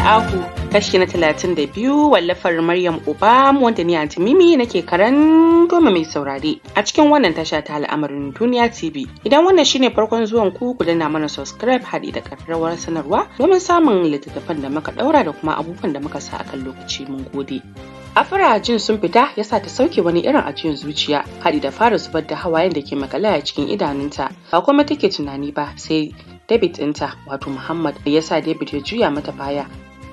ahu kashi na talatin da biyu wallafar Maryam Obam wanda ni Aunty Mimi nake karan goma mai saurare a cikin wannan tasha ta al'amarin duniya TV. Idan wannan shine farkon zuwan ku ku danna mana subscribe haɗi da karrawar sanarwa domin samun littattafan da muka ɗaura da kuma abubuwan da muka sa akan lokaci mun gode. Afra jin sun fita ya sa ta sauke wani irin ajiyar zuciya haɗi da fara zubar da hawayen da ke a cikin idanunta ba kuma take tunani ba sai David ɗinta wato Muhammad da yasa David ya juya mata baya.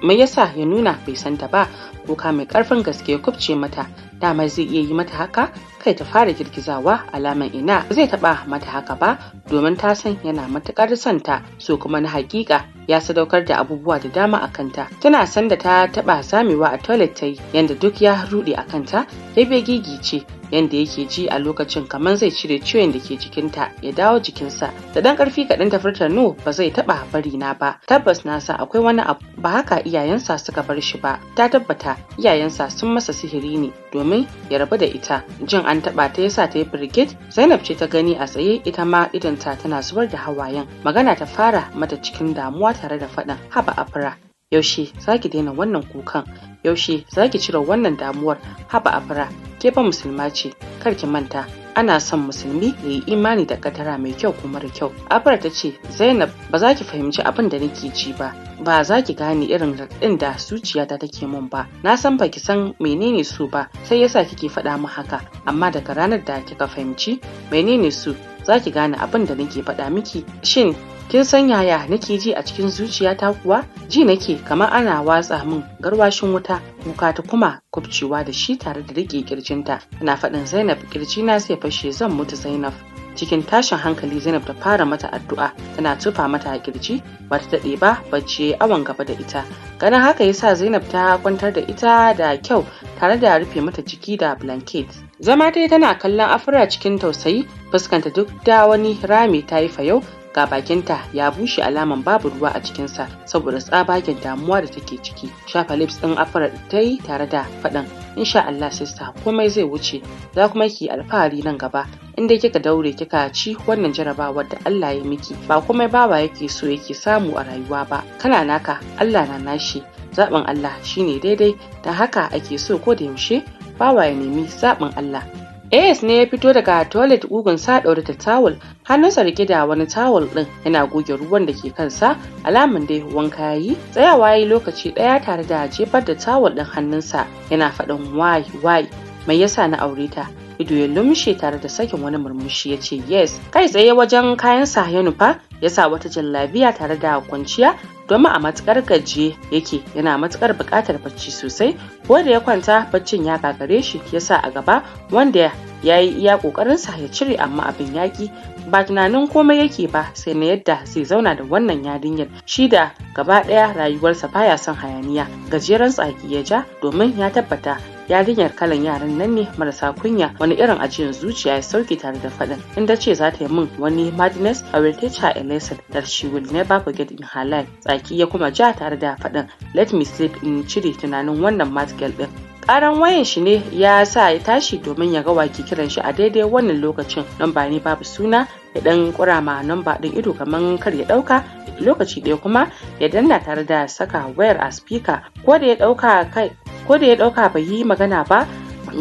Mai yasa ya nuna bai santa ba kuka mai ƙarfin gaske ya kubce mata dama zai iya yi mata haka kai ta fara girgizawa alaman ina zai taba mata haka ba domin ta san yana matukar santa so kuma na haƙiƙa ya sadaukar da abubuwa da dama a kanta tana san da ta taɓa samewa a toilet ta yanda duk ya ruɗe a kanta ya gigice Yanda yake ji a lokacin kamar zai cire ciwon da ke jikinta ya dawo jikinsa da dan karfi kaɗan ta furta no ba zai taɓa bari na ba tabbas na sa akwai wani abu ba haka iyayensa suka bar shi ba ta tabbata iyayensa sun masa sihiri ne domin ya rabu da ita jin an taɓa ta yasa ta yi brigade zainab ce ta gani a tsaye ita ma idanta tana zubar da hawayen magana ta fara mata cikin damuwa tare da faɗin haba afra yaushe za ki daina wannan kukan yaushe za ki cire wannan damuwar haba afra ke fa musulma ce kar ki manta ana son musulmi ya yi imani da kadara mai kyau kuma mara kyau afra ta ce zainab ba za ki fahimci abin da nake ji ba ba za ki gane irin raɗin da zuciyata take mun ba na san ba ki san menene su ba sai yasa kike faɗa mu haka amma daga ranar da kika fahimci menene su za ki gane abin da nake faɗa miki shin kin san yaya nake ji a cikin zuciyata kuwa ji nake kamar ana watsa min garwashin wuta kuka ta kuma kubcewa da shi tare da riƙe kirjinta ina faɗin zainab na sai fashe zan mutu zainab cikin tashin hankali zainab ta fara mata addu'a tana tufa mata a kirji ba ta daɗe ba bacci awon gaba da ita ganin haka yasa zainab ta kwantar da ita da kyau tare da rufe mata jiki da blanket zama ta tana kallon afira cikin tausayi fuskanta duk da wani rami ta yi fa yau. ga bakinta ya bushe alaman babu ruwa a cikinsa saboda tsabagen damuwa da take ciki shafa lips ɗin afar ta yi tare da faɗin insha Allah sista komai zai wuce za kuma ki alfahari nan gaba in dai kika daure kika ci wannan jarabawar da Allah ya miki ba komai bawa yake so yake samu a rayuwa ba kana naka Allah na nashi Zabin Allah shine daidai da haka ake so ko da yaushe bawa ya nemi zaɓin Allah AS ne ya fito daga toilet gugun sa ɗaure da tawul, hannunsa rike da wani tawul ɗin yana goge ruwan da ke kansa, alamun dai wanka yi. tsayawa yayi lokaci ɗaya tare da jefar da tawul ɗin hannunsa yana faɗin wai wai mai yasa na aure ta. Ido ya lumshe tare da sakin wani murmushi ya ce yes, kai tsaye wajen kayansa ya nufa ya sa wata jallabiya tare da kwanciya domin a matukar gajiye yake yana matukar bukatar bacci sosai ko da ya kwanta baccin ya kakare shi ya sa a gaba wanda ya yi iya ƙoƙarinsa ya cire amma abin yaƙi ba tunanin komai yake ba sai na yadda zai zauna da wannan yarinyar shi da gaba ɗaya rayuwarsa baya son hayaniya gajeren tsaki ya ja domin ya tabbata yarinyar kalan yaran nan ne marasa kunya wani irin ajiyar zuciya ya sauke tare da faɗin Inda ce za ta yi min wani madness a will teach her a lesson that she will never forget in her life tsaki ya kuma ja tare da faɗin let me sleep in cire tunanin wannan mad girl din karan wayan shi ne ya sa ya tashi domin ya ga wake kiran shi a daidai wannan lokacin nan ba ne babu suna ya dan kurama nan ba din ido kamar kar ya dauka lokaci ɗaya kuma ya danna tare da saka wayar a speaker ko da ya dauka kai ko da ya ɗauka bai yi magana ba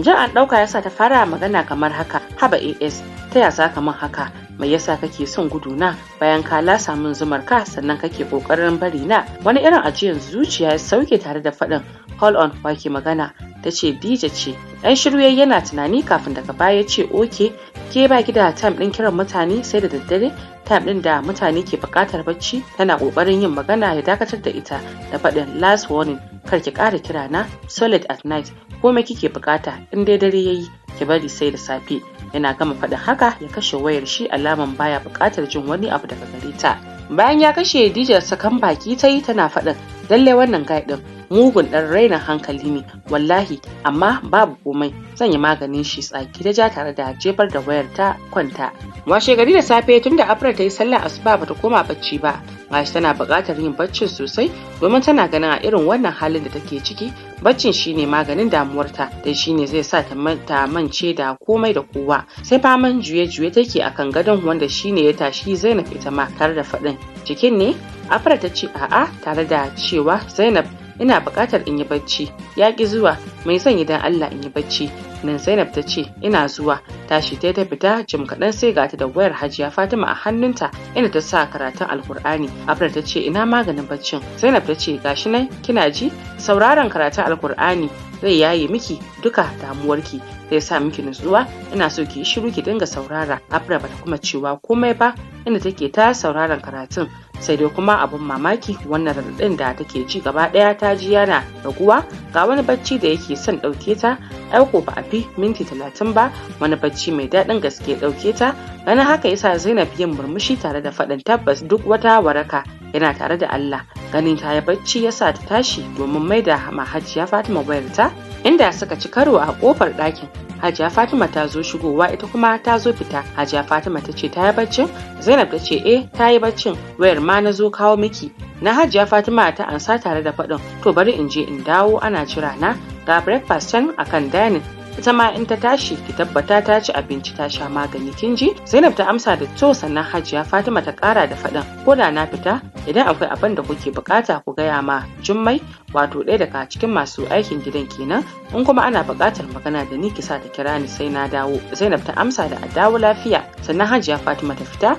jin an ɗauka yasa ta fara magana kamar haka haba as ta yasa kamar haka mai yasa kake son gudu na? bayan ka lasa min zumar ka sannan kake ƙoƙarin bari na wani irin ajiyar zuciya ya sauke tare da faɗin hall on wake magana ta ce dija ce ɗan shirye yana tunani kafin daga baya ce oke ke ba ki da time ɗin kiran mutane sai da daddare time ɗin da mutane ke bukatar bacci tana ƙoƙarin yin magana ya dakatar da ita da faɗin last warning kar ki ƙara kira na solid at night komai kike bukata in dai dare yayi ki bari sai da safe yana gama faɗin haka ya kashe wayar shi alaman baya bukatar jin wani abu daga gare ta bayan ya kashe dijar sakan baki ta yi tana faɗin lallai wannan ɗin. mugun ɗan raina hankali ne wallahi amma babu komai zan yi maganin shi tsaki da ja tare da jefar da wayar ta kwanta washe gari da safe tunda da afra ta yi sallah asuba bata koma bacci ba gashi tana buƙatar yin bacci sosai domin tana ganin a irin wannan halin da take ciki baccin shine maganin damuwarta da shine zai sa ta mance da komai da kowa sai faman juye-juye take akan gadon wanda shine ya tashi zainab ita ma tare da faɗin cikin ne afra ta ce a'a tare da cewa zainab ina buƙatar in yi bacci ya ƙi zuwa mai son dan Allah in yi bacci nan Zainab ta ce ina zuwa tashi ta ta fita jim kaɗan sai ga ta da wayar Hajiya Fatima a hannunta inda ta sa karatun Alkur'ani Afra ta ce ina maganin baccin Zainab ta ce gashi nan kina ji sauraron karatun Alkur'ani zai yaye miki duka damuwarki zai sa miki nutsuwa ina so ki yi shiru ki dinga saurara Afra bata kuma cewa komai ba inda take ta sauraron karatun sai dai kuma abin mamaki wannan raɗaɗin da take ci gaba ɗaya ta ji yana raguwa ga wani bacci da yake son ɗauke ta aiko ba a fi minti talatin ba wani bacci mai daɗin gaske ɗauke ta ganin haka yasa zainab yin murmushi tare da faɗin tabbas duk wata waraka yana tare da allah ganin ta yi bacci yasa ta tashi domin mai da mahajiya fatima wayarta inda suka ci karo a kofar ɗakin hajiya fatima ta zo shigowa ita kuma ta zo fita hajiya fatima ta ce ta yi baccin zainab ta ce eh ta yi baccin wayar ma na zo kawo miki na hajiya fatima ta ansa tare da faɗin to bari in je in dawo ana jira na ga breakfast can akan dining ita ma in ta tashi ki tabbata ta ci abinci ta sha magani kin ji Zainab ta amsa da to sannan Hajiya Fatima ta kara da faɗin ko da na fita idan akwai abin da kuke bukata ku gaya ma Jummai wato ɗaya daga cikin masu aikin gidan kenan in kuma ana buƙatar magana da ni kisa ta kira ni sai na dawo Zainab ta amsa da a dawo lafiya sannan Hajiya Fatima ta fita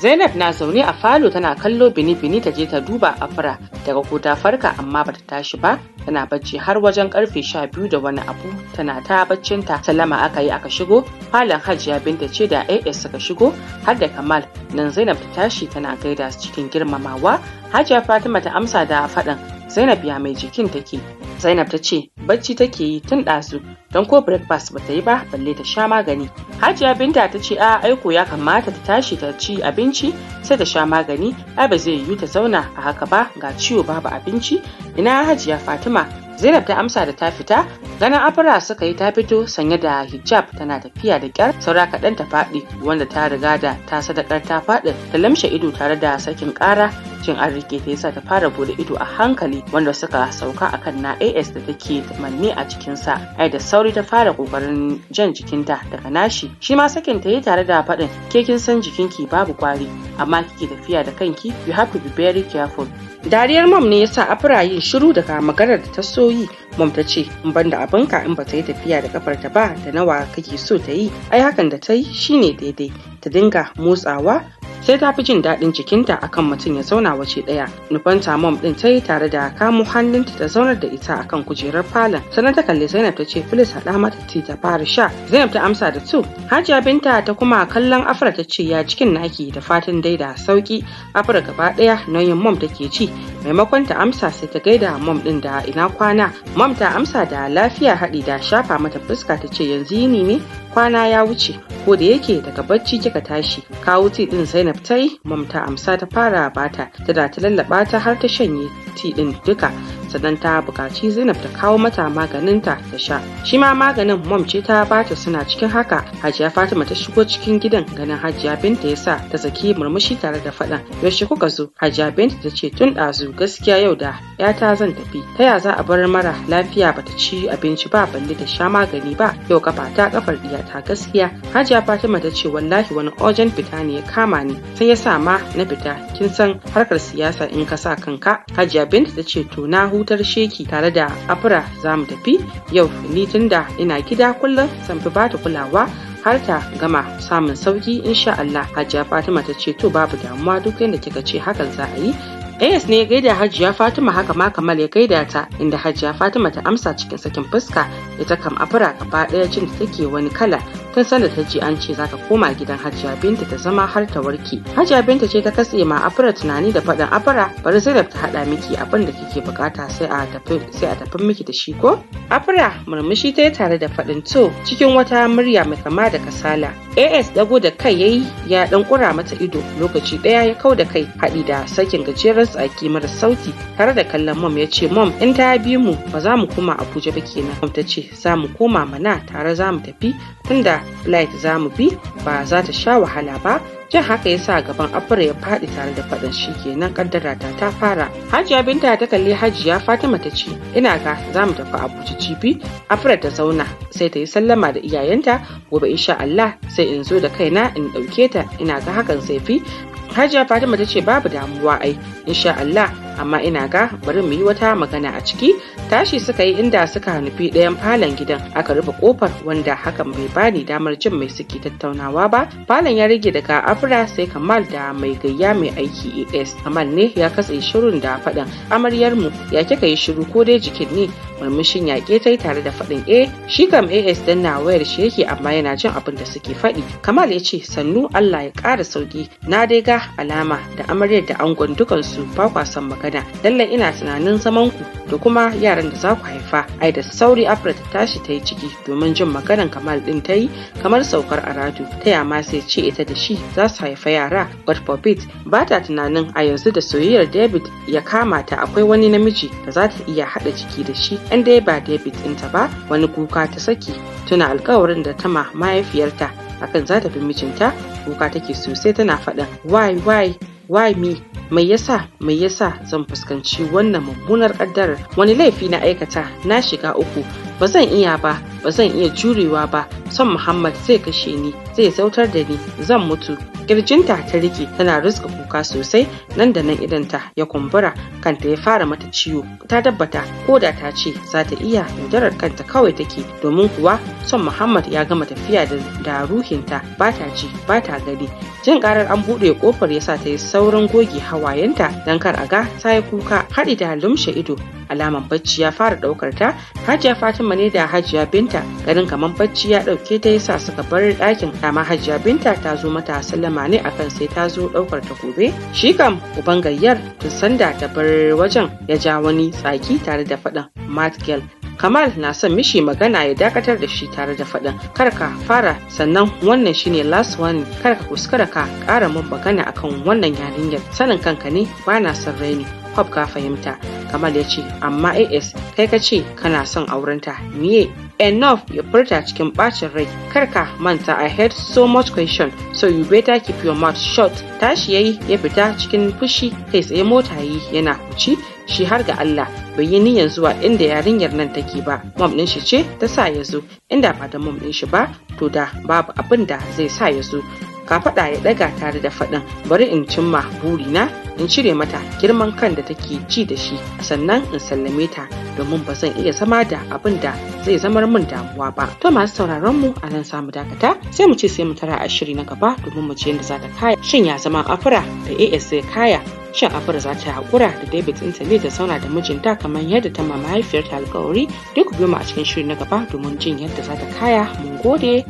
Zainab na zaune a falo tana kallo bini-bini ta je ta duba afra daga ko ta farka amma bata tashi ba tana bacci har wajen karfe sha biyu da wani abu tana ta baccinta salama aka yi aka shigo falon hajiya binta ce da as suka shigo har da kamal nan zainab ta tashi tana gaida su cikin girmamawa hajiya fatima ta amsa da faɗin zainab ya mai jikin take Zainab ta ce bacci take yi tun ɗazu don ko breakfast ba ta yi ba balle ta sha magani. Hajiya Binta ta ce a aiko ya kamata ta tashi ta ci abinci sai ta sha magani ai ba zai yiwu ta zauna a haka ba ga ciwo babu abinci ina Hajiya Fatima Zainab ta amsa da ta fita ganin afira suka yi ta fito sanye da hijab tana tafiya da kyar saura kaɗan ta faɗi wanda ta riga da ta sadakar ta faɗi ta lamshe ido tare da sakin ƙara cin an rike ta yasa ta fara bude ido a hankali wanda suka sauka akan na as da take manne a cikinsa ai da sauri ta fara kokarin jan jikinta daga nashi shi ma sakin ta yi tare da faɗin ke kin san jikinki babu kwari amma kike tafiya da kanki you have to be very careful dariyar mom ne yasa afrayin yin shiru daga maganar da ta soyi mom ta ce in ban da abinka in ba ta yi tafiya da kafarta ba da nawa kake so ta yi ai hakan da ta yi shine daidai ta dinga motsawa sai ta fi jin daɗin jikinta akan mutum ya zauna wace ɗaya nufanta mom ɗin ta yi tare da kamo hannunta ta zaunar da ita akan kujerar falon sannan ta kalli zainab ta ce filis haɗa mata ti ta fara sha zainab ta amsa da tu hajiya binta ta kuma kallon afra ta ce ya cikin naki da fatan dai da sauki afra gaba ɗaya nauyin mom take ci maimakon ta amsa sai ta gaida mom ɗin da ina kwana mom ta amsa da lafiya haɗi da shafa mata fuska ta ce yanzu yini ne kwana ya wuce ko da yake daga bacci kika tashi kawo ti ɗin zainab ta yi mamta amsa ta fara bata tana da ta lallaba ta har ta shanye asibiti din duka sannan ta buƙaci zainab ta kawo mata maganinta ta sha shi ma maganin mom ce ta bata suna cikin haka hajiya fatima ta shigo cikin gidan ganin hajiya binta ya sa ta zaki murmushi tare da faɗan yaushe kuka zo hajiya binta ta ce tun ɗazu gaskiya yau da yata zan tafi ta ya za a bar mara lafiya bata ci abinci ba balle ta sha magani ba yau kafa ta kafar ta gaskiya hajiya fatima ta ce wallahi wani ojan fita ne ya kama ni sai ya sa ma na fita kin san harkar siyasa in ka sa kanka hajiya inda Binta ta ce to na hutar sheki tare da Afra za mu tafi yau ni tunda ina gida kullum san fi bata kulawa har ta gama samun sauki insha Allah Hajiya Fatima ta ce to babu damuwa duk yadda kika ce hakan za a yi AS ne ya gaida Hajiya Fatima haka ma kamar ya gaida ta inda Hajiya Fatima ta amsa cikin sakin fuska ita kam afira gaba ɗaya jin take wani kala tun sanda ta ji an ce za ta koma gidan hajiya binta ta zama har ta warke hajiya binta ce ta katse ma afira tunani da faɗin afira bari zainab ta haɗa miki abin da kike bukata sai a tafi sai a tafi miki da shi ko afira murmushi ta yi tare da faɗin to cikin wata murya mai kama da kasala as dago da kai yayi ya dan kura mata ido lokaci daya ya kau da kai haɗi da sakin gajeren tsaki mara sauti tare da kallon mom ya ce mom in ta bi mu ba za mu koma abuja ba kenan mom ta ce za mu koma mana tare za mu tafi tunda light za mu bi ba za ta sha wahala ba jin haka ya sa gaban afra ya faɗi tare da faɗin shi kenan kaddara ta ta fara hajiya binta ta kalli hajiya fatima ta ce ina ga za mu tafi abuja cibi afra ta zauna sai ta yi sallama da iyayenta gobe insha allah sai in zo da kaina in ɗauke ta ina ga hakan sai fi hajiya fatima ta ce babu damuwa ai insha allah amma ina ga bari mu yi wata magana a ciki tashi suka yi inda suka nufi ɗayan falon gidan aka rufe kofar wanda hakan bai bani damar jin mai suke tattaunawa ba falon ya rage daga afra sai kamal da mai gayya mai aiki es kamal ne ya katse shirin da faɗan amaryar mu ya kika yi shiru ko dai jikin ne murmushin yaƙe ta tare da faɗin A. Eh, shi kam as dan na wayar shi yake amma yana jin abin da suke faɗi kamal ya ce sannu allah ya ƙara sauki na dai ga alama da amaryar da angon dukansu ba kwa son magana magana dallan ina tunanin zaman ku da kuma yaran da za ku haifa ai da sauri afrat ta tashi ta yi ciki domin jin maganan kamal din ta yi kamar saukar aradu ta ma sai ce ita da shi za su haifa yara god forbid ba ta tunanin a yanzu da soyayyar david ya kama ta akwai wani namiji da za ta iya haɗa ciki da shi Yan dai ba david ɗinta ba wani kuka ta saki tuna alkawarin da ta ma mahaifiyarta akan za ta fi mijinta kuka take sosai tana faɗin why why why me mai yasa mai yasa zan fuskanci wannan mummunar kaddarar wani laifi na aikata na shiga uku ba zan iya ba ba zan iya jurewa ba son muhammad zai kashe ni zai sautar da ni zan mutu kirjinta ta rike tana ruska kuka sosai nan da nan idanta ya kumbura kanta ya fara mata ciwo ta tabbata ko da ta ce za ta iya yaudarar kanta kawai take domin kuwa son muhammad ya gama tafiya da ruhinta ba ta ji ba ta gani jin karar an buɗe kofar sa ta yi saurin goge hawayenta don kar a ga ta yi kuka haɗi da lumshe ido Alamar bacci ya fara ɗaukar ta hajiya fatima ne da hajiya binta garin kamar bacci ya ɗauke ta yasa suka bar dakin. dama hajiya binta ta zo mata sallama ne akan sai ta zo ɗaukar ta gobe shi kam uban gayyar tun sanda ta bar wajen ya ja wani tsaki tare da faɗin Girl Kamal na son mishi magana ya dakatar da shi tare da faɗin karka fara sannan wannan shine last one kar ka kuskura ka kara magana akan wannan yarinyar sanin kanka ne bana son raini kwab ka fahimta kamal ya ce amma as kai ka ce kana son aurenta miye enough ya furta cikin bacin rai karka manta i had so much question so you better keep your mouth shut tashi yayi ya fita cikin fushi kai tsaye mota yi yana kuci shi har ga Allah bai yi niyyar zuwa inda yarinyar nan take ba mom din shi ce ta sa ya zo inda ba da mom din shi ba to da babu abin da zai sa ya zo ka faɗa ya ɗaga tare da faɗin bari in cimma burina in cire mata girman kan da take ji da shi sannan in sallame ta domin ba zan iya zama da abin da zai zamar min damuwa ba to masu sauraron mu a nan samu dakata sai mu ce sai mu tara a shiri na gaba domin mu ce yadda za ta kaya shin ya zama afira da as zai kaya shin afira za ta haƙura da david intanet da sauna da mijinta kamar yadda ta ma mahaifiyarta alkawari duk biyu mu a cikin shiri na gaba domin jin yadda za ta kaya mun gode.